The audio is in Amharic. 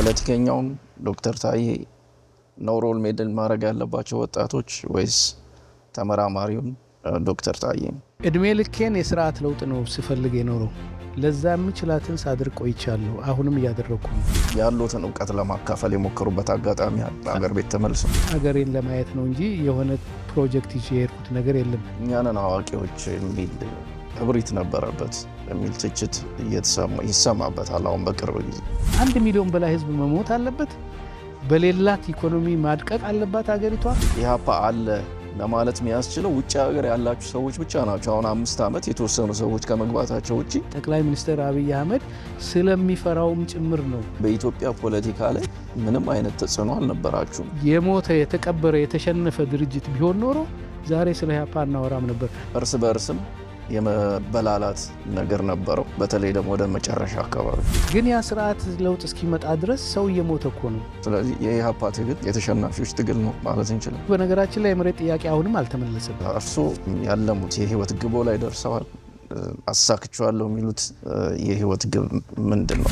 ፖለቲከኛውን ዶክተር ታዬ ነው ሮል ሜድል ማድረግ ያለባቸው ወጣቶች ወይስ ተመራማሪውን ዶክተር ታዬ? እድሜ ልኬን የስርዓት ለውጥ ነው ስፈልግ የኖረው። ለዛ የምችላትን ሳድር ቆይቻለሁ። አሁንም እያደረግኩ ነው። ያሉትን እውቀት ለማካፈል የሞከሩበት አጋጣሚ ሀገር ቤት ተመልሶ ሀገሬን ለማየት ነው እንጂ የሆነ ፕሮጀክት ይዤ የሄድኩት ነገር የለም። እኛንን አዋቂዎች የሚል እብሪት ነበረበት የሚል ትችት ይሰማበታል። አሁን በቅርብ ጊዜ አንድ ሚሊዮን በላይ ህዝብ መሞት አለበት፣ በሌላት ኢኮኖሚ ማድቀቅ አለባት ሀገሪቷ። ኢህአፓ አለ ለማለት የሚያስችለው ውጭ ሀገር ያላችሁ ሰዎች ብቻ ናቸው። አሁን አምስት ዓመት የተወሰኑ ሰዎች ከመግባታቸው ውጭ ጠቅላይ ሚኒስትር አብይ አህመድ ስለሚፈራውም ጭምር ነው። በኢትዮጵያ ፖለቲካ ላይ ምንም አይነት ተጽዕኖ አልነበራችሁም። የሞተ የተቀበረ የተሸነፈ ድርጅት ቢሆን ኖሮ ዛሬ ስለ ኢህአፓ እናወራም ነበር። እርስ በእርስም የመበላላት ነገር ነበረው። በተለይ ደግሞ ወደ መጨረሻ አካባቢ ግን ያ ስርዓት ለውጥ እስኪመጣ ድረስ ሰው እየሞተ እኮ ነው። ስለዚህ የኢህአፓ ትግል የተሸናፊዎች ትግል ነው ማለት እንችላል። በነገራችን ላይ የመሬት ጥያቄ አሁንም አልተመለሰም። እርሶ ያለሙት የህይወት ግቦ ላይ ደርሰዋል። አሳክቸዋለሁ የሚሉት የህይወት ግብ ምንድን ነው?